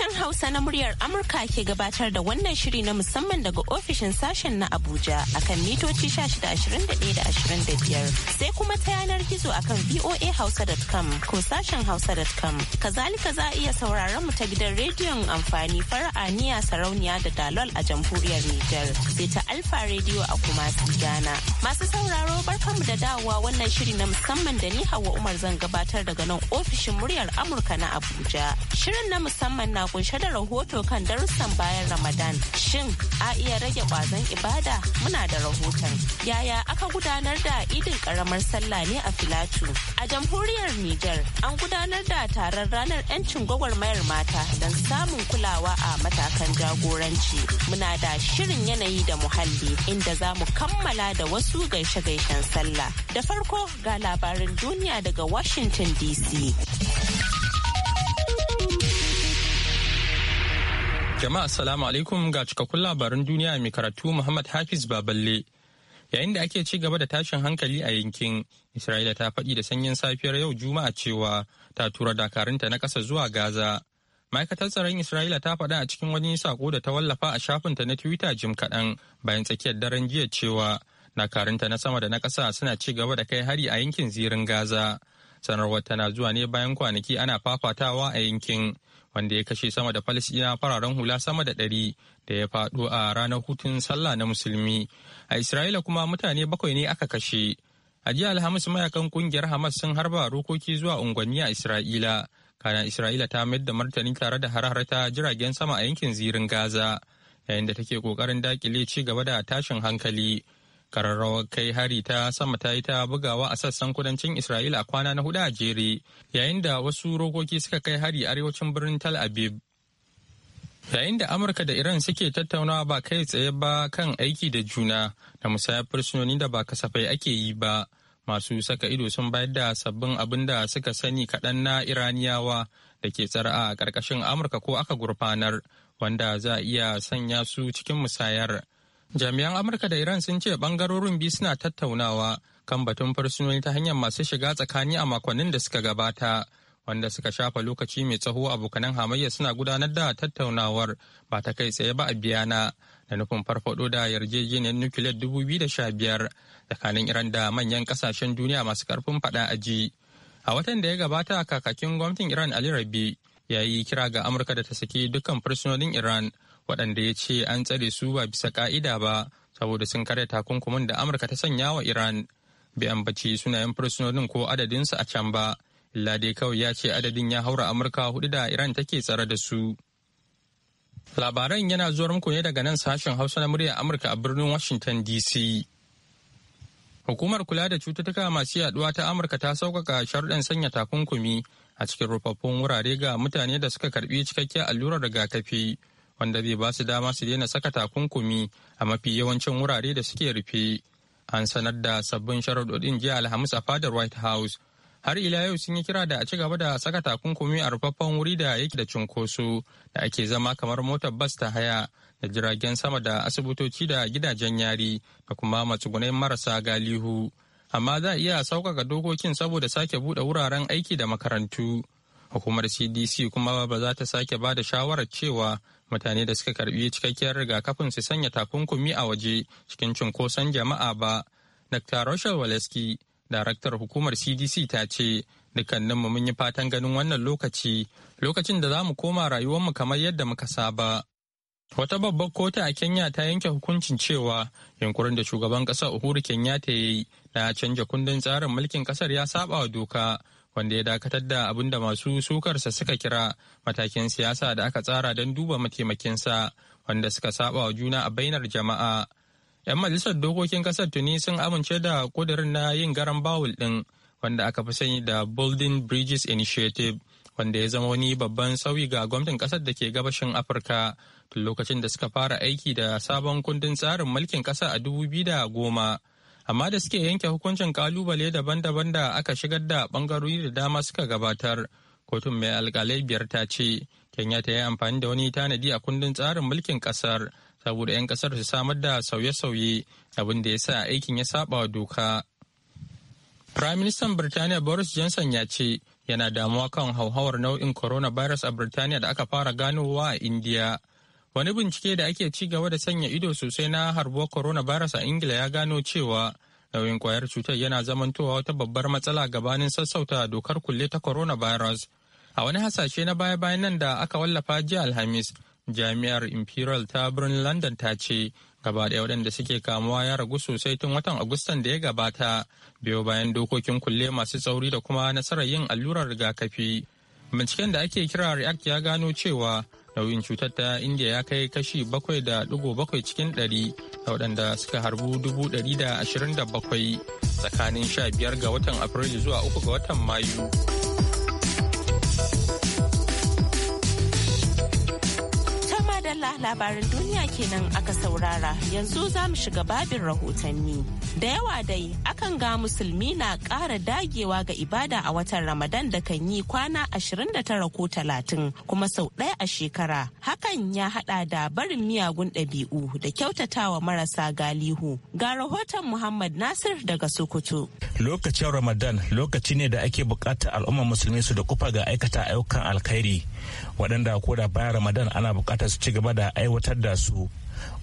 sashen Hausa na muryar Amurka ke gabatar da wannan shiri na musamman daga ofishin sashen na Abuja akan mitoci 1621 sai kuma ta yanar gizo akan voahausa.com ko sashen hausa.com. Kazalika za a iya sauraron mu ta gidan rediyon amfani fara'a niya sarauniya da dalol a jamhuriyar Nijar sai ta Alfa rediyo a kuma Ghana. Masu sauraro barkanmu da dawowa wannan shiri na musamman da ni Hauwa Umar zan gabatar daga nan ofishin muryar Amurka na Abuja. Shirin na musamman na kunshe da rahoto kan darussan bayan Ramadan. Shin a iya rage kwazon ibada? Muna da rahoton. Yaya aka gudanar da idin karamar sallah ne a Filatu? A jamhuriyar Nijar an gudanar da taron ranar 'yancin gwagwarmayar mata don samun kulawa a matakan jagoranci. Muna da shirin yanayi da muhalli inda za mu kammala da wasu gaishe-gaishen sallah. Da farko ga labarin duniya daga Washington DC. Jama'a salamu alaikum ga cikakkun labaran duniya mai karatu Muhammad Hafiz Baballe. Yayin da ake ci gaba da tashin hankali a yankin, Isra'ila ta faɗi da sanyin safiyar yau Juma'a cewa ta tura dakarunta na ƙasa zuwa Gaza. ma'aikatar tsaron isra'ila ta faɗa a cikin wani sako da ta wallafa a shafinta na twitter jim kaɗan bayan tsakiyar daren jiya cewa dakarunta na sama da na ƙasa suna ci gaba da kai hari a yankin zirin gaza sanarwar tana zuwa ne bayan kwanaki ana fafatawa a yankin wanda ya kashe sama da Falasɗina fararen hula sama da ɗari da ya faɗo a ranar hutun sallah na musulmi. A Isra'ila kuma mutane bakwai ne aka kashe. A jiya Alhamis mayakan kungiyar Hamas sun harba rokoki zuwa unguwanni a Isra'ila. Kana Isra'ila ta mayar da martani tare da harhara ta jiragen sama a yankin zirin Gaza, yayin da take kokarin dakile ci gaba da tashin hankali. Kararrawar kai hari ta sama ta yi ta bugawa a sassan kudancin Isra'ila a kwana na hudu a jere, yayin da wasu rokoki suka kai hari arewacin birnin Tal Aviv. Yayin da Amurka da Iran suke tattaunawa ba kai tsaye ba kan aiki da juna da musayar fursunoni da ba kasafai ake yi ba, masu saka ido sun bayar da sabbin abin da suka sani kaɗan na Iraniyawa da ke tsara a ƙarƙashin Amurka ko aka gurfanar, wanda za a iya sanya su cikin musayar. Jami'an Amurka da Iran sun ce bangarorin biyu suna tattaunawa kan batun fursunoni ta hanyar masu shiga tsakani a makonnin da suka gabata. Wanda suka shafa lokaci mai tsaho abokanan hamayya suna gudanar da tattaunawar ba ta kai tsaye ba a biyana da nufin farfado da yarjejeniyar nukiliyar sha biyar tsakanin Iran da manyan kasashen duniya masu karfin fada aji. A watan da ya gabata kakakin gwamnatin Iran Ali Rabi ya yi kira ga Amurka da ta saki dukkan fursunonin Iran waɗanda ya ce an tsare su ba bisa ka'ida ba saboda sun karya takunkumin da amurka ta sanya wa iran bai ambaci sunayen fursunonin ko adadinsu a can ba illa dai kawai ya ce adadin ya haura amurka hudu da iran take tsare da su labaran yana zuwar muku ne daga nan sashen hausa na murya amurka a birnin washington dc Hukumar kula da cututtuka masu yaduwa ta Amurka ta sauƙaƙa sharuɗan sanya takunkumi a cikin rufaffun wurare ga mutane da suka karbi cikakkiyar allurar rigakafi wanda zai ba su dama su daina saka takunkumi a mafi yawancin wurare da suke rufe an sanar da sabbin sharaɗoɗin jiya alhamis a fadar white house har ila yau sun yi kira da a ci gaba da saka takunkumi a rufaffen wuri da yake da cunkoso da ake zama kamar motar bas ta haya da jiragen sama da asibitoci da gidajen yari da kuma matsugunai marasa galihu amma za a iya sauƙaƙa dokokin saboda sake buɗe wuraren aiki da makarantu. hukumar cdc kuma ba za ta sake ba da shawarar cewa mutane da suka karbi cikakkiyar rigakafin su sanya takunkumi a waje cikin cunkoson jama'a ba dr rochelle waleski daraktar hukumar cdc ta ce dukkaninmu mun yi fatan ganin wannan lokaci lokacin da za mu koma rayuwarmu kamar yadda muka saba Wata babbar kota a Kenya ta yanke hukuncin cewa yunkurin da shugaban kasa Uhuru Kenyatta ya yi na canja kundin tsarin mulkin kasar ya saba wa doka wanda ya dakatar da abin da masu sukarsa suka kira matakin siyasa da aka tsara don duba mataimakinsa wanda suka saba wa juna a bainar jama'a. 'Yan majalisar dokokin kasar tuni sun amince da kudirin na yin garan bawul ɗin wanda aka fi sani da Building Bridges Initiative wanda ya zama wani babban sauyi ga gwamnatin kasar da ke gabashin Afirka tun lokacin da suka fara aiki da sabon kundin tsarin mulkin kasa a dubu biyu da goma amma da suke yanke hukuncin kalubale daban-daban da aka shigar da bangarori da dama suka gabatar kotun mai alkalai biyar ta ce kenya ta yi amfani da wani tanadi a kundin tsarin mulkin kasar saboda 'yan kasar su samar da sauye-sauye abin da ya sa aikin ya saba wa doka prime minister birtaniya boris johnson ya ce yana damuwa kan hauhawar nau'in coronavirus a birtaniya da aka fara ganowa a india Wani bincike da ake ci gaba da sanya ido sosai na harbuwar virus a Ingila ya gano cewa nauyin kwayar cutar yana zamantowa wata babbar matsala gabanin sassauta dokar kulle ta corona virus. A wani hasashe na baya-bayan nan da aka wallafa jiya Alhamis, jami'ar Imperial ta birnin London ta ce gaba ɗaya waɗanda suke kamuwa ya ragu sosai tun watan Agustan da ya gabata, biyo bayan dokokin kulle masu tsauri da kuma nasarar yin allurar rigakafi. Binciken da ake kira REACT ya gano cewa nauyin cutar ta india ya kai kashi da bakwai cikin 100 da waɗanda suka harbu bakwai tsakanin sha biyar ga watan afrilu zuwa uku ga watan mayu labarin duniya kenan aka saurara yanzu za mu shiga babin rahotanni. Da yawa dai akan ga musulmi na ƙara dagewa ga ibada a watan Ramadan da kan yi kwana 29 ko 30 kuma sau ɗaya a shekara. Hakan ya haɗa da barin miyagun ɗabi'u da kyautatawa marasa galihu. Ga rahoton Muhammad Nasir daga Sokoto. Lokacin Ramadan lokaci ne da ake buƙatar al'ummar musulmi su da kufa ga aikata ayyukan alkhairi. waɗanda ko da bayan ramadan ana buƙatar su ci gaba da aiwatar da su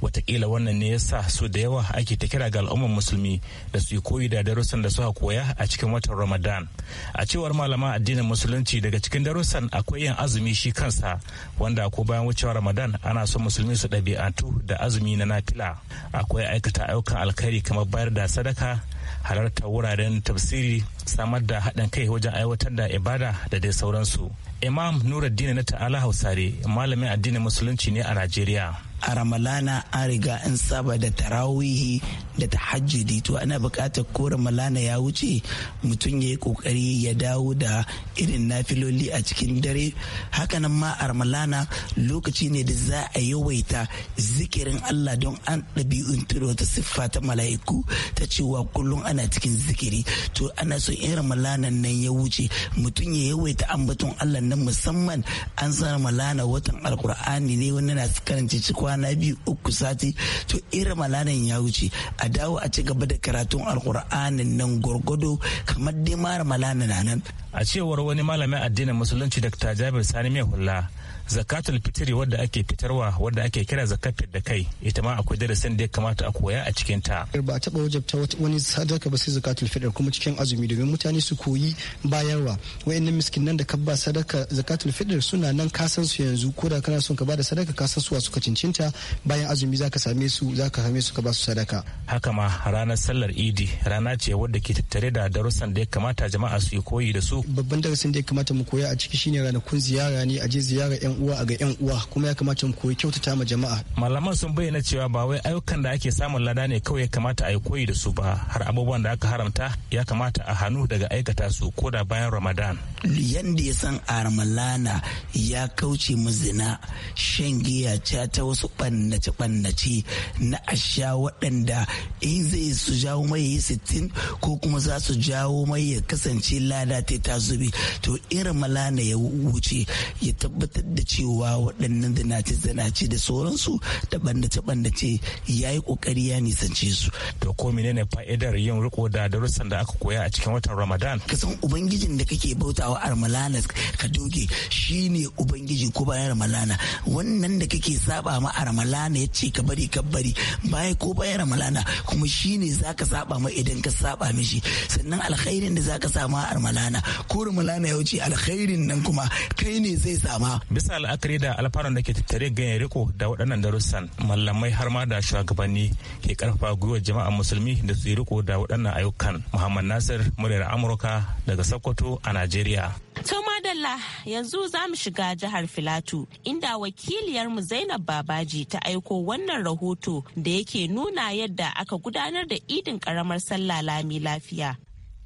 watakila wannan ne ya sa su da yawa ake ta kira ga al'ummar musulmi da su yi koyi da darussan da suka koya a cikin watan ramadan a cewar malaman addinin musulunci daga cikin darussan akwai yin azumi shi kansa wanda ko bayan wucewar ramadan ana son musulmi su ɗabi'atu da azumi na nafila akwai aikata ayyukan alkhairi kamar bayar da sadaka halartar wuraren tafsiri samar da haɗin kai wajen aiwatar da ibada da dai sauransu imam nuruddin na ta'ala hausare malamin addinin musulunci ne a najeriya a ramalana an riga an saba da tarawihi da tahajjudi to ana buƙatar ko ramalana ya wuce mutum ya yi ƙoƙari ya dawo da irin nafiloli a cikin dare hakanan ma a ramalana lokaci ne da za a yawaita zikirin allah don an ɗabi'un ta siffa ta mala'iku ta cewa kullum ana cikin zikiri to ana so in ramalana nan ya wuce mutum ya yawaita ambaton allah nan musamman an san ramalana watan alkur'ani ne wani na karanta cikin kwana biyu uku sati to irin malanan ya wuce a dawo a ci gaba da karatun alkur'anin nan gwargwado kamar dai mara malanan nan a cewar wani malamin addinin musulunci dr jabir sani mai hula zakatul fitiri wadda ake fitarwa wadda ake kira zakatul da kai ita ma akwai darasin da ya kamata a koya a cikin ta ba a taba wajabta wani sadaka ba sai zakatul fitr kuma cikin azumi domin mutane su koyi bayarwa wayannan miskinan da ka ba sadaka zakatul fitr suna nan ka su yanzu ko da kana son ka bada sadaka ka su wa suka cincinta bayan azumi zaka same su zaka same su ka ba su sadaka haka ma ranar sallar idi rana ce wadda ke tattare da darussan da ya kamata jama'a su yi koyi da su so babban darasin da ya kamata mu koya a ciki shine ranakun ziyara ne a je ziyara yan uwa a ga yan uwa kuma ya kamata mu koyi kyautata ma jama'a malaman sun bayyana cewa ba wai ayyukan da ake samun lada ne kawai ya kamata a yi koyi da su ba har abubuwan da aka haramta ya kamata a hannu daga aikata su ko da bayan ramadan yanda ya san armalana ya kauce mu zina shan giya ta ta wasu bannace bannace na asha waɗanda in zai su jawo mai sittin ko kuma za su jawo mai ya kasance lada ta ta zube to irin malana ya wuce ya tabbatar da cewa waɗannan zinace zinaci da sauransu da bandace bandace ya yi ƙoƙari ya nisance su. to ko menene fa'idar yin riko da darussan da aka koya a cikin watan ramadan. kasan ubangijin da kake bautawa ramalana ka doge shine ubangiji ko bayan ramalana wannan da kake saba ma ramalana ya ce ka bari ka bari baya ko bayan ramalana kuma shine zaka saba ma idan ka saba mishi sannan alkhairin da zaka a armalana kurumula na yauci alkhairin nan kuma kai ne zai sama bisa la'akari da alfanun da ke tattare ganyen riko da waɗannan darussan mallamai har ma da shugabanni ke karfafa gwiwar jama'a musulmi da su yi riko da waɗannan ayyukan muhammad nasir muryar amurka daga sokoto a najeriya To madalla yanzu za mu shiga jihar Filatu inda wakiliyarmu Zainab Babaji ta aiko wannan rahoto da yake nuna yadda aka gudanar da idin karamar sallah lami lafiya.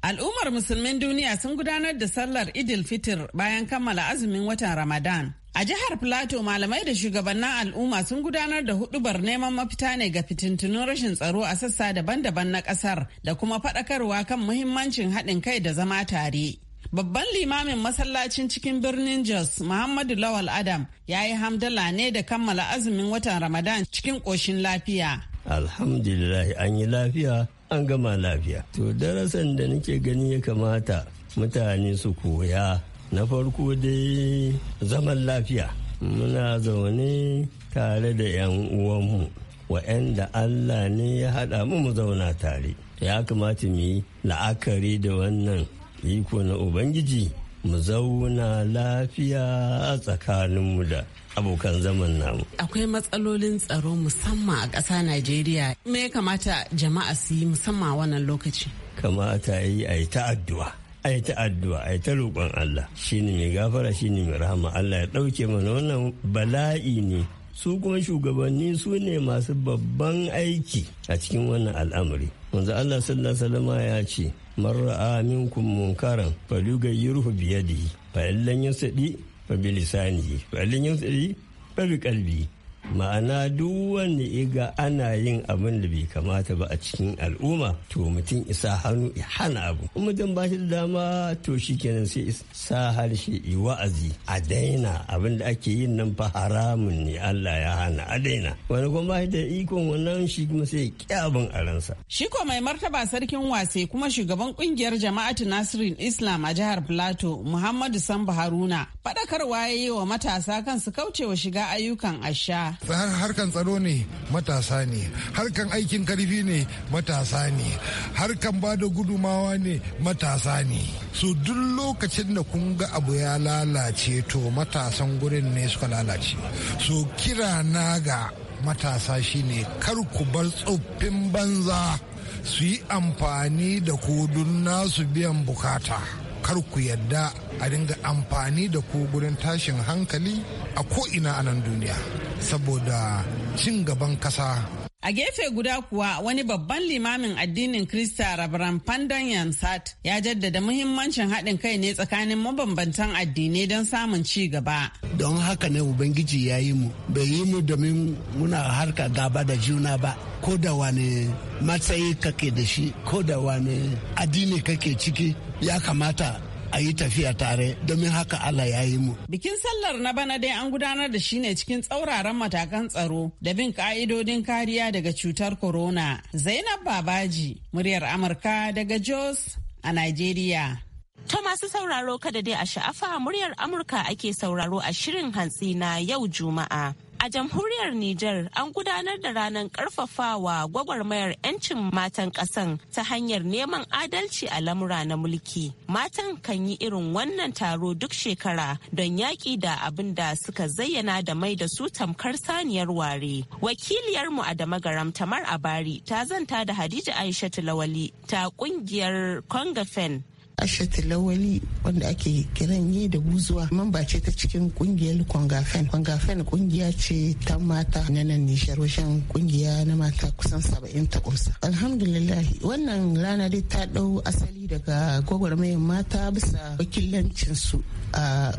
Al'ummar musulmin duniya sun gudanar da sallar Idil Fitir bayan kammala azumin watan Ramadan. A jihar Plateau malamai da shugabannin al'umma sun gudanar da hudubar neman mafita ne ga fitintunun rashin tsaro a sassa daban-daban na kasar da kuma faɗakarwa kan muhimmancin haɗin kai da zama tare. Babban limamin masallacin cikin birnin Jos, Muhammadu Lawal Adam, ya yi hamdala ne da kammala azumin watan Ramadan cikin koshin lafiya. Alhamdulillah an yi lafiya an gama lafiya to darasan da nake gani ya kamata mutane su koya na farko dai zaman lafiya muna zaune tare da 'yan uwanmu wa'anda allah ne ya haɗa mu mu zauna tare ya kamata mu yi la'akari da wannan iko na ubangiji mu zauna lafiya a tsakaninmu da abokan zaman namu. Akwai matsalolin tsaro musamman a ƙasa Najeriya. Me ya kamata jama'a su yi musamman a wannan lokaci? Kamata yi a yi ta'addu'a. a yi ta'addu'a, a yi ta roƙon Allah ne mai gafara ne mai rahama Allah ya ɗauke mana wannan bala'i ne su kuma shugabanni su ne masu babban aiki a cikin wannan al'amari. Wanzu Allah sallallahu alaihi ya ce man ra'a minkum munkaran falyughayyirhu bi yadihi fa illan yastati fa bi lisanihi fa illan yastati fa bi ma'ana duk wanda iga ana yin abin da bai kamata ba a cikin al'umma to mutum isa hannu ya hana abu mutum ba shi da dama to shi kenan sai isa harshe yi wa'azi a daina abin da ake yin nan fa haramun ne Allah ya hana a daina wani kuma ba shi da ikon wannan shi kuma sai ya abin a ransa shi ko mai martaba sarkin wase kuma shugaban kungiyar jama'atu nasirin islam a jihar plato muhammadu Sambu haruna faɗakarwa ya yi wa matasa kan su kaucewa shiga ayyukan asha matasa harkan tsaro ne matasa ne harkan aikin karfi ne matasa ne harkan ba da gudumawa ne matasa ne su duk lokacin da kun ga abu ya lalace to matasan gurin ne suka lalace su kira na ga matasa shine kar ku bar tsoffin banza su yi amfani da kodun nasu biyan bukata kar ku yadda a dinga amfani da ku gurin tashin hankali a ko'ina a nan duniya saboda cin gaban kasa A gefe guda kuwa wani babban limamin addinin Krista Rabaran Pandan Yamsat ya jaddada muhimmancin haɗin kai ne tsakanin mabambantan addinai don samun ci gaba. Don haka ne Ubangiji ya yi mu, bai yi mu domin muna harka gaba da juna ba, ko da wani matsayi kake da shi, ko da wani addini kake ciki ya kamata a yi tafiya tare domin haka Allah ya yi mu. Bikin sallar na bana dai an gudanar da shi ne cikin tsauraran matakan tsaro da bin ka'idodin kariya daga cutar corona. Zainab Babaji, muryar Amurka daga Jos a Nigeria. Ta masu sauraro kada dai a sha'afa muryar Amurka ake sauraro a shirin hantsi na yau Juma'a. A jamhuriyar Nijar an gudanar da ranar karfafawa gwagwarmayar 'yancin matan ƙasan ta hanyar neman adalci a lamura na mulki. Matan kan yi irin wannan taro duk shekara don yaƙi da abin da suka zayyana da mai da su tamkar saniyar ware. Wakiliyarmu a Garam Tamar Abari ta zanta da Hadija Aisha Lawali ta ƙungiyar Kongafen Asha Tilawali wanda ake kiran yi da buzuwa mamba ce ta cikin kungiyar kwangafen kwangafen kungiya ce ta mata na nan nishar wajen kungiya na mata kusan saba'in ta kumsa alhamdulillah wannan rana dai ta dau asali daga gwagwarmayar mata bisa wakilancin su a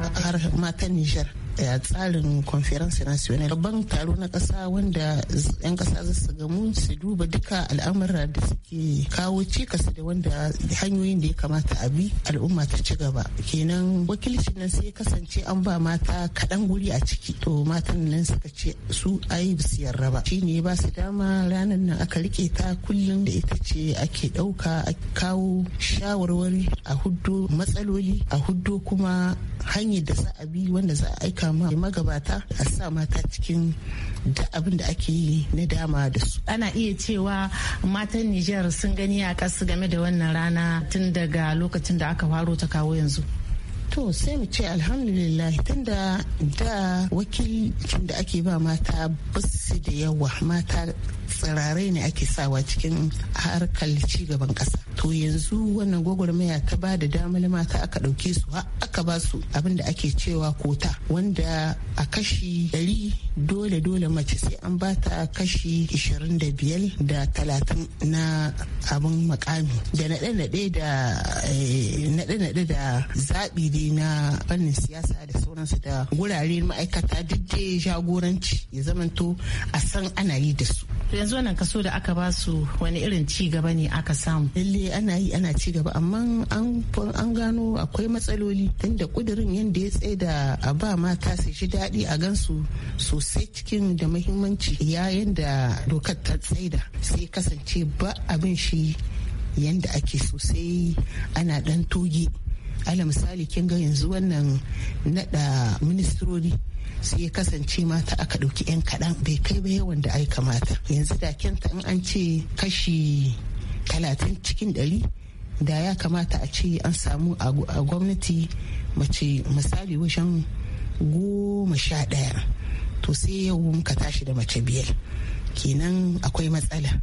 mata nishar a eh, tsarin conference national babban taro na kasa wanda 'yan kasa za su gamu su duba duka al'amura da suke kawo cikas da wanda hanyoyin da ya kamata a bi al'umma ta ci gaba kenan wakilcin nan sai kasance an ba mata kaɗan guri a ciki to matan nan suka ce su ayi su yarra ba shi ne ba su dama ranar nan aka rike ta kullum da ita ce ake ɗauka a kawo shawarwari a huddo matsaloli a huddo kuma hanyar da za a bi wanda za a aika taimaka ma magabata a sa mata cikin da abin da ake yi na dama da su. Ana iya cewa matan Nijar sun gani a kasu game da wannan rana tun daga lokacin da aka faro ta kawo yanzu. to sai mu ce alhamdulillah tunda da wakilcin da ake ba mata basu da yawa mata tsirarai ne ake sawa cikin harkar cigaban kasa to yanzu wannan gwagwarmaya ta ba da damar mata aka ɗauke su aka ba su abin da ake cewa kota wanda a kashi ɗari dole dole mace sai an ba ta kashi 25 da talatin na abin makami da naɗe-naɗe da eh, zaɓi da na fannin siyasa da sauransu da wurare ma'aikata duk da jagoranci ya zamanto a san ana yi da su yanzu wannan kaso da aka ba su wani irin ci gaba ne aka samu lalle ana yi ana ci gaba amma an gano akwai matsaloli tunda kudirin yadda ya tsaye da a ba mata su ji daɗi a gansu sosai cikin da muhimmanci yayin da dokar ta tsaida sai kasance ba abin shi yanda ake sosai ana ɗan toge ala misali kin ga yanzu wannan nada ministrori sai ya kasance mata aka ɗauki 'yan kaɗan bai kai ba yawan da ai kamata yanzu da kyanta in an ce kashi talatin cikin ɗari da ya kamata a ce an samu a gwamnati mace misali wajen goma sha ɗaya to sai yau muka tashi da mace biyar kenan akwai matsala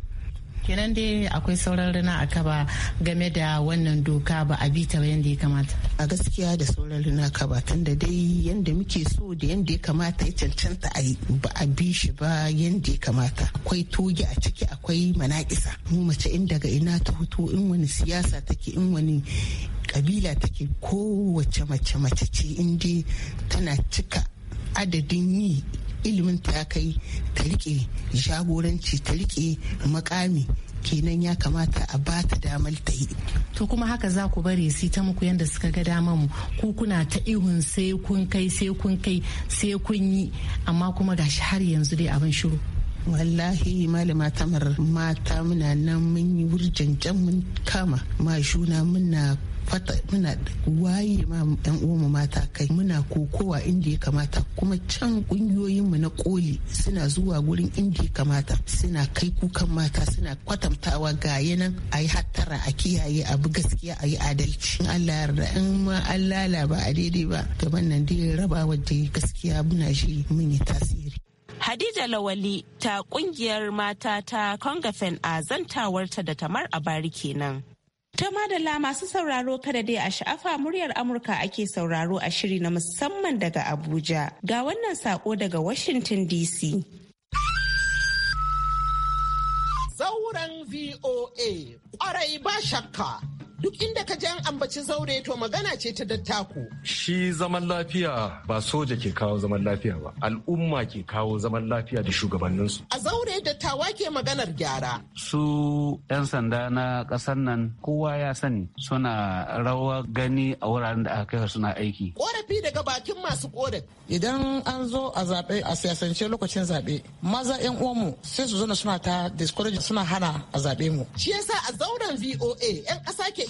kenan dai akwai sauran rina a kaba game da wannan doka ba a bi ta yadda ya kamata a gaskiya da sauran rana kaba tunda dai yadda muke so da yadda ya kamata ya cancanta a yi ba a bi shi ba yadda ya kamata akwai toge a ciki akwai manakisa mu mace in daga ina ta hutu in wani siyasa take in wani kabila take kowace mace mace ce in dai tana cika adadin yi ilimin ta kai ta rike jagoranci ta rike makami kenan ya kamata a ba ta damar ta yi. To kuma haka za ku bari su ta muku yadda suka ga damar mu ku kuna ta ihun sai kun kai sai kun kai sai kun yi amma kuma gashi har yanzu dai abin shiru. wallahi malama tamar mata muna nan mun yi jan mun kama ma shuna muna fata muna waye ma yan uwanmu mata kai muna kokowa inda ya kamata kuma can kungiyoyinmu na koli suna zuwa gurin inda ya kamata suna kai kukan mata suna kwatantawa ga yanan a yi hattara a kiyaye abu gaskiya a yi adalci in Allah yarda in ma an lala ba a daidai ba gaban nan dai raba waje gaskiya muna shi mun yi tasiri Hadija Lawali ta kungiyar mata ta Congafen a zantawarta da Tamar bari kenan. Ta madalla masu sauraro kada dai a sha'afa muryar Amurka ake sauraro a shiri na musamman daga Abuja. Ga wannan sako daga Washington DC. Sauran VOA, ƙwarai ba shakka. duk inda ka jan ambaci zaure to magana ce ta dattako. Shi zaman lafiya ba soja ke kawo zaman lafiya ba, al'umma ke kawo zaman lafiya da shugabanninsu. A zaure dattawa ke maganar gyara. Su 'yan sanda na ƙasar nan kowa ya sani suna rawa gani a wuraren da aka kai suna aiki. Korafi daga bakin masu korafi. Idan an zo a zaɓe a siyasance lokacin zaɓe, maza 'yan mu, sai su zo suna ta discourage suna hana a zaɓe mu. Shi yasa a zauren VOA 'yan ƙasa ke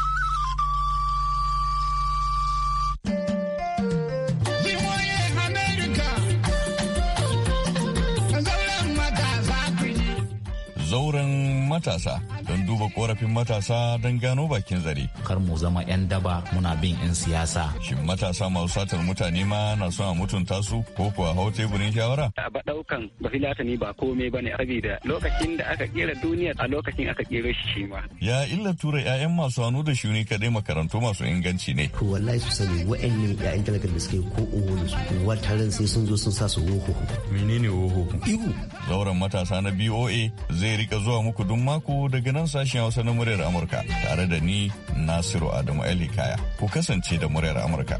matasa don duba korafin matasa don gano bakin zare. Kar mu zama 'yan daba muna bin 'yan siyasa. Shin matasa masu satar mutane ma na son a mutunta su ko kuwa hau teburin shawara? A ba daukan ba filatani ba komai ba ne da lokacin da aka kera duniya a lokacin aka kera shi shi ma. Ya illa tura 'ya'yan masu hannu da shuni kadai makarantu masu inganci ne. To wallahi su sani wa'annan 'ya'yan talakar da suke ko uwan su ran sai sun zo sun sa su uhu Menene woho? Ibu. Zauren matasa na BOA zai rika zuwa muku duk mako daga nan sashen Hausa na muryar Amurka tare da ni Nasiru Adamu Ali Kaya. Ku kasance da muryar Amurka.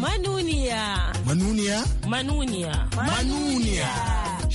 Manuniya. Manuniya? Manuniya. Manuniya.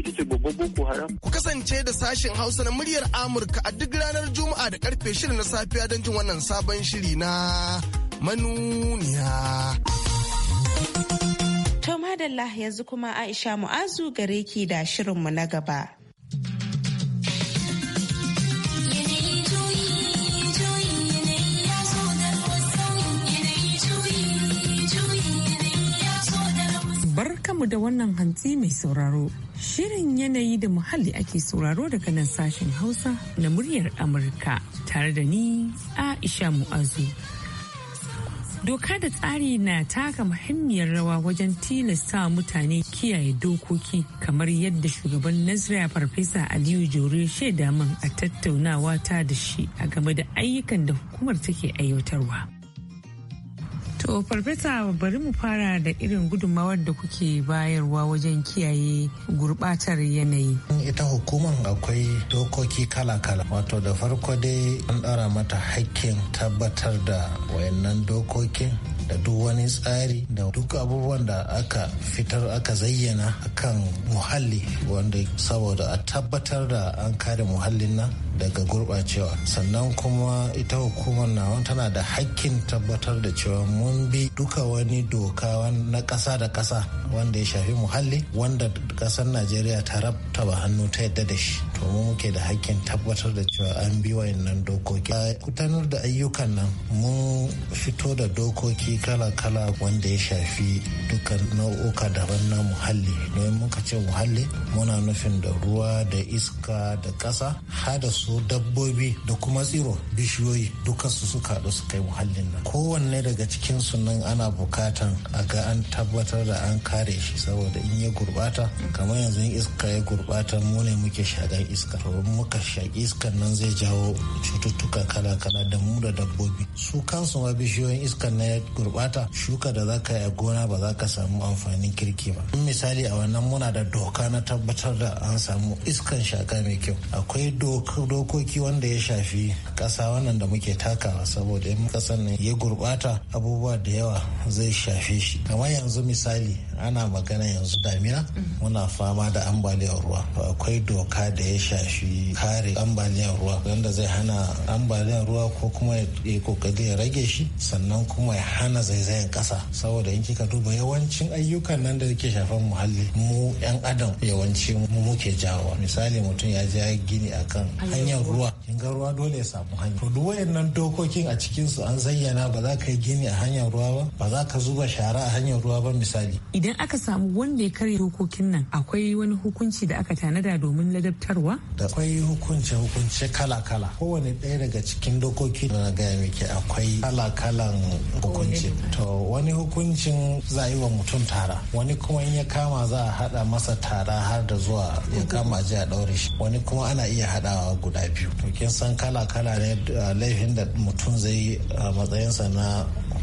ita ce babban boko haram. Ku kasance da sashen Hausa na muryar Amurka a duk ranar Juma'a da karfe shirin na safiya don jin wannan sabon shiri na manuniya. To madalla yanzu kuma Aisha Mu'azu gare ki da shirinmu na gaba. barkamu da wannan hantsi mai sauraro Shirin yanayi da muhalli ake sauraro daga nan sashen Hausa na muryar Amurka tare da ni Aisha Mu'azu. Doka da tsari na taka muhimmiyar rawa wajen tilasta mutane kiyaye dokoki kamar yadda shugaban Nazira Farfesa Aliyu Jore shaida min a tattaunawa ta da shi a game da ayyukan da hukumar take aiwatarwa. To farfesa bari mu fara da irin gudunmawar da kuke bayarwa wajen kiyaye gurbatar yanayi. Ita hukumar akwai dokoki kala-kala wato da farko dai an ɗara mata hakkin tabbatar da wayannan dokokin da duk wani tsari da duk abubuwan da aka fitar aka zayyana kan muhalli wanda saboda a tabbatar da an kare muhallin nan daga gurɓacewa sannan kuma ita hukumar nawa tana da hakkin tabbatar da cewa mun bi duka wani doka na ƙasa da ƙasa wanda ya shafi muhalli wanda ƙasar najeriya ta rabta ba hannu ta yadda da shi to mu muke da hakkin tabbatar da cewa an bi wayannan dokoki a gudanar da ayyukan nan mun fito da dokoki kala-kala wanda ya shafi duka nau'uka daban na muhalli don muka ce muhalli muna nufin da ruwa da iska da ƙasa har da su dabbobi da kuma tsiro bishiyoyi duka su suka haɗu su kai muhallin nan kowanne daga cikin su nan ana bukatan a ga an tabbatar da an kare shi saboda in ya gurbata kamar yanzu iska ya gurbata mu ne muke shaƙar iska to muka shaki iskan nan zai jawo cututtuka kala-kala da mu da dabbobi su kansu ma bishiyoyin iskan na ya gurbata shuka da za ka yi a gona ba za ka samu amfanin kirki ba misali a wannan muna da doka na tabbatar da an samu iskan shaka mai kyau akwai doka dokoki wanda ya shafi ƙasa wannan da muke takawa saboda in kasan ne ya gurɓata abubuwa da yawa zai shafe shi kamar yanzu misali ana magana yanzu damina muna fama da ambaliyar ruwa akwai doka da ya shafi kare ambaliyar ruwa wanda zai hana ambaliyar ruwa ko kuma ya kokari ya rage shi sannan kuma ya hana zaizayen ƙasa saboda in kika duba yawancin ayyukan nan da yake shafan muhalli mu 'yan adam yawanci mu muke jawo misali mutum ya je gini akan hanyar ruwa kin ga ruwa dole ya samu hanya to duk wayannan dokokin a cikin su an zayyana ba za ka yi gini a hanyar ruwa ba ba za ka zuba shara a hanyar ruwa ba misali idan aka samu wanda ya karya dokokin nan akwai wani hukunci da aka tanada domin ladabtarwa da akwai hukunce hukunce kala kala kowane ɗaya daga cikin dokoki da na gaya miki akwai kala kalan hukunci to wani hukuncin za yi wa mutum tara wani kuma in ya kama za a haɗa masa tara har da zuwa ya kama ji a ɗaure shi wani kuma ana iya haɗawa guda guda biyu to kin san kala kala ne laifin da mutum zai yi a matsayinsa na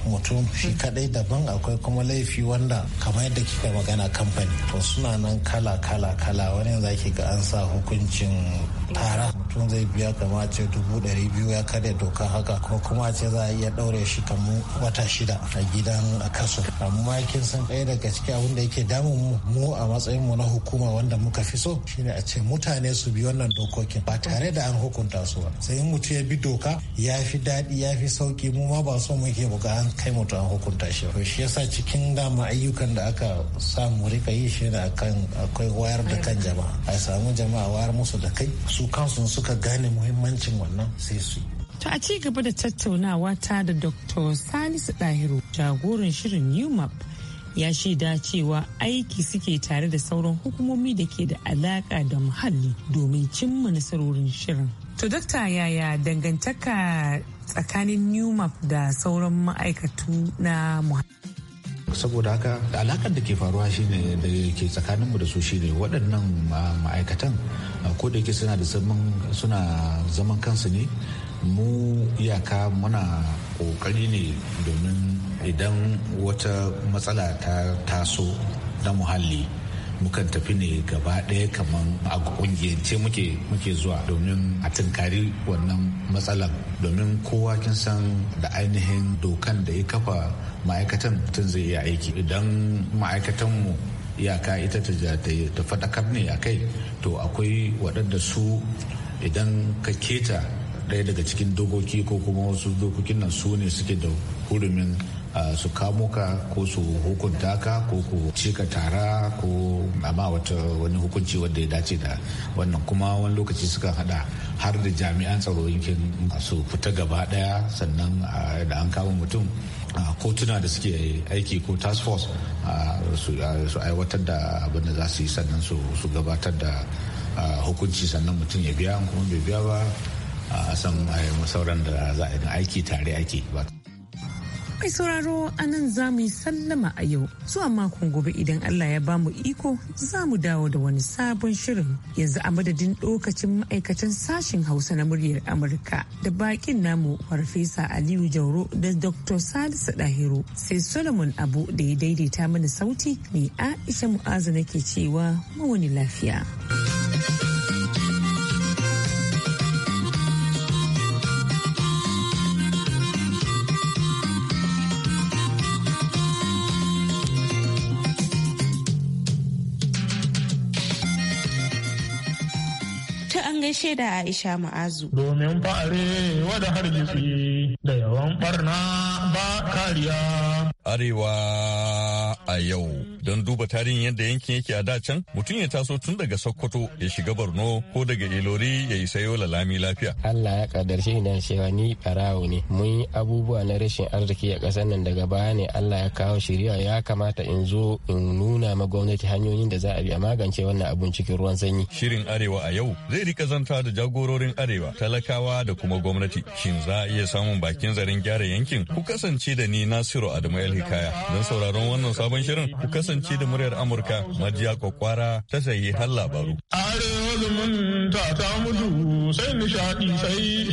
mutum shi kadai daban akwai kuma laifi wanda kamar yadda kika magana kamfani to suna nan kala kala kala wani zaki ga an sa hukuncin tara tun zai biya kama ce dubu ɗari biyu ya karya doka haka ko kuma ce za a iya ɗaure shi kamar wata shida a gidan a kaso amma kin san ɗaya daga cikin abin da yake damu mu a matsayin mu na hukuma wanda muka fi so shine a ce mutane su bi wannan dokokin ba tare da an hukunta su ba sai mutum ya bi doka ya fi daɗi ya fi sauki mu ma ba so muke buga an kai mutu an hukunta shi ba shi yasa cikin dama ayyukan da aka samu rika yi shine akan akwai wayar da kan jama'a a samu jama'a wayar musu da kai su kansu suka gane muhimmancin wannan sai su To a ci gaba da tattaunawa ta da Dr. Salisu Dahiru jagoran shirin UMAP ya shaida cewa aiki suke tare da sauran hukumomi da ke da alaka da muhalli domin cimma nasarorin shirin. To dakta yaya dangantaka tsakanin UMAP da sauran ma'aikatu na muhalli? saboda haka da alakar da ke faruwa shine da ke tsakaninmu da su shine waɗannan ma'aikatan ko da yake suna da suna zaman kansu ne mu iyaka muna ƙoƙari ne domin idan wata matsala ta taso na muhalli mukan tafi ne gaba ɗaya kamar a ƙungiyance muke muke zuwa domin a tunkari wannan matsalar. domin kowa kin san da ainihin dokan da ya kafa ma'aikatan tun zai iya aiki idan ma'aikatanmu iyaka ita ta faɗakar ne a kai to akwai waɗanda su idan ka keta ɗaya daga cikin dokoki ko kuma wasu dokokin nan su ne suke da hurumin su kamo ka ko su hukunta ka ko ku ci ka tara ko amma wata wani hukunci wanda ya dace da wannan kuma wani lokaci suka hada har da jami'an tsaro yankin su fita gaba daya sannan da an kama mutum kotuna da suke aiki ko task force su aiwatar da abin da za su yi sannan su gabatar da hukunci sannan mutum ya biya kuma bai biya ba a san sauran da za a yi aiki tare aiki. ba Mai sauraro a nan za mu yi sallama a yau zuwa makon gobe idan Allah ya bamu iko za mu dawo da wani sabon shirin yanzu a madadin lokacin ma'aikatan sashen Hausa na muryar Amurka da bakin namu Farfesa Aliyu Jauro da Dr. Salisu Dahiru sai Solomon Abu da ya daidaita mana sauti ne Aisha Mu'azu nake cewa mawani lafiya. gaishe da Aisha Ma'azu. Domin fa'are wada hargitsi da yawan barna ba kariya. Arewa a yau. Don duba tarihin yadda yankin yake a dacan mutum ya taso tun daga Sokoto ya shiga Borno ko daga Ilori ya isa Yola lami lafiya. Allah ya kadarce da cewa ni barawo ne. Mun yi abubuwa na rashin arziki a ƙasar nan daga baya ne Allah ya kawo shari'a ya kamata in zo in nuna ma gwamnati hanyoyin da za a bi a magance wannan abun cikin ruwan sanyi. Shirin Arewa a yau zai rika zanta da jagororin Arewa talakawa da kuma gwamnati. Shin za a iya samun bakin zarin gyara yankin? Ku kasance da ni Nasiru Adamu El Hikaya don sauraron wannan sabon sabon shirin ku kasance da muryar Amurka majiya kwakwara ta sayi har labaru. Arewa zumunta ta mutu sai nishaɗi sai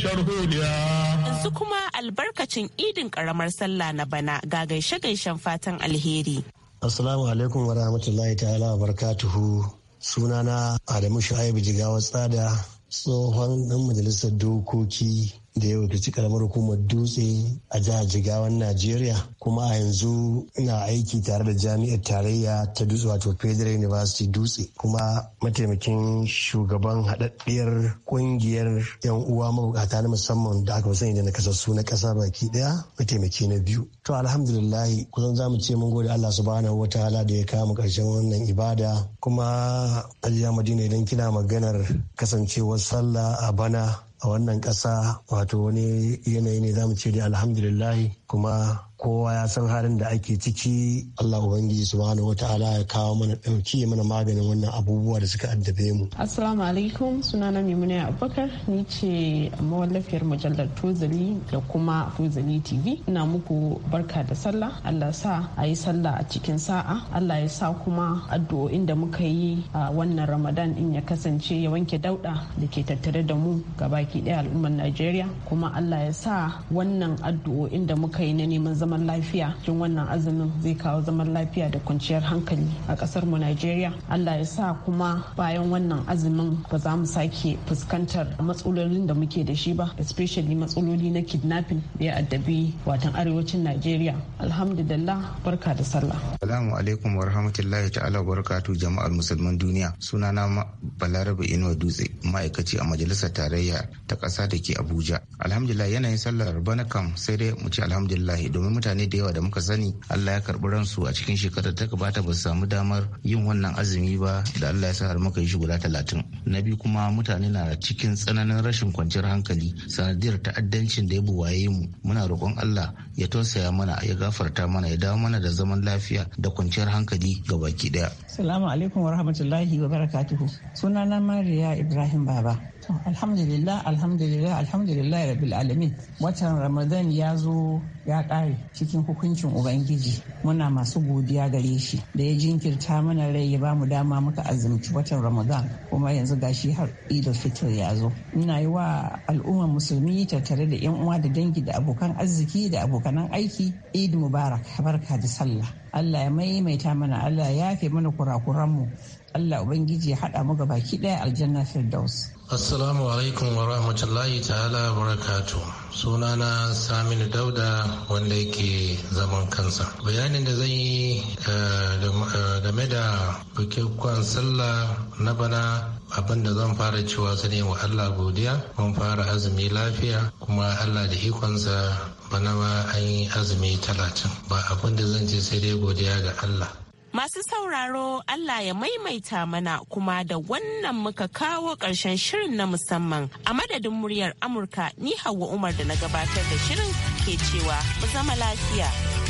Yanzu kuma albarkacin idin ƙaramar sallah na bana ga gaishe-gaishen fatan alheri. Assalamu alaikum wa rahmatullahi ta'ala wa Sunana Adamu Shu'aibu Jigawa Tsada tsohon ɗan majalisar dokoki da ya wakilci karamar hukumar dutse a jihar jigawan najeriya kuma a yanzu ina aiki tare da jami'ar tarayya ta dutse wato federal university dutse kuma mataimakin shugaban haɗaɗɗiyar ƙungiyar yan uwa mabukata na musamman da aka sani da na kasassu na ƙasa baki ɗaya mataimaki na biyu to alhamdulillah kusan za mu ce mun gode allah subhanahu wa ta'ala da ya kama ƙarshen wannan ibada kuma ajiya madina idan kina maganar kasancewar sallah a bana a wannan ƙasa wato wani yanayi ne zamu ce dai alhamdulillah kuma kowa ya san harin da ake ciki Allah ubangiji subhanahu wataala ya kawo mana dauki mana maganin wannan abubuwa da suka addabe mu assalamu alaikum sunana maimuna abubakar ni ce mawallafiyar mujallar tozali da kuma tozali tv ina muku barka da sallah Allah sa a yi sallah a cikin sa'a Allah ya sa kuma addu'o'in da muka yi a wannan ramadan in ya kasance ya wanke dauda da ke tattare da mu ga gabaki daya al'ummar najeriya kuma Allah ya sa wannan addu'o'in da muka yi na neman zama zaman lafiya jin wannan azumin zai kawo zaman lafiya da kwanciyar hankali a kasar mu Najeriya Allah ya sa kuma bayan wannan azumin ba za mu sake fuskantar matsalolin da muke da shi ba especially matsaloli na kidnapping da ya addabi watan arewacin Najeriya alhamdulillah barka da sallah assalamu alaikum wa rahmatullahi ta'ala wa barakatu jama'ar musulman duniya suna sunana Balarabe Inuwa Dutse ma'aikaci a majalisar tarayya ta ƙasa da ke Abuja alhamdulillah yanayin sallar bana kam sai dai mu ce alhamdulillah domin mutane da yawa da muka sani Allah ya karɓi ransu a cikin shekarar ta gabata ba su samu damar yin wannan azumi ba da Allah ya sa har muka yi shi guda talatin. Na biyu kuma mutane na cikin tsananin rashin kwanciyar hankali sanadiyar ta'addancin da ya buwaye mu muna roƙon Allah ya tausaya mana ya gafarta mana ya dawo mana da zaman lafiya da kwanciyar hankali ga baki ɗaya. Salamu alaikum wa rahmatullahi wa barakatuhu. Sunana Mariya Ibrahim Baba. alhamdulillah alhamdulillah alhamdulillah ya rabbil alamin watan ramadan ya zo ya ƙare cikin hukuncin ubangiji muna masu godiya gare shi da ya jinkirta mana rai ya bamu dama muka azumci watan ramadan kuma yanzu gashi har ido fitr ya zo ina yi wa al'ummar musulmi tattare da yan uwa da dangi da abokan arziki da abokanan aiki eid mubarak barka da sallah Allah ya maimaita mana Allah ya yafe mana kurakuranmu Allah Ubangiji ya haɗa mu baki ɗaya aljanna Firdaus. Assalamu alaikum wa rahmatullahi ta'ala wa barakatuh. sunana saminu dauda wanda yake zaman kansa bayanin da zan yi eh, eh, game da bukukuwan sallah na bana abin da zan fara cewa su ne wa allah godiya mun fara azumi lafiya kuma allah da ikonsa bana ma an yi azumi talatin ba abin da zan ce sai dai godiya ga allah Masu sauraro Allah ya maimaita mana kuma da wannan muka kawo ƙarshen shirin na musamman. A madadin muryar Amurka ni Hauwa Umar da na gabatar da shirin ke cewa mu zama lafiya.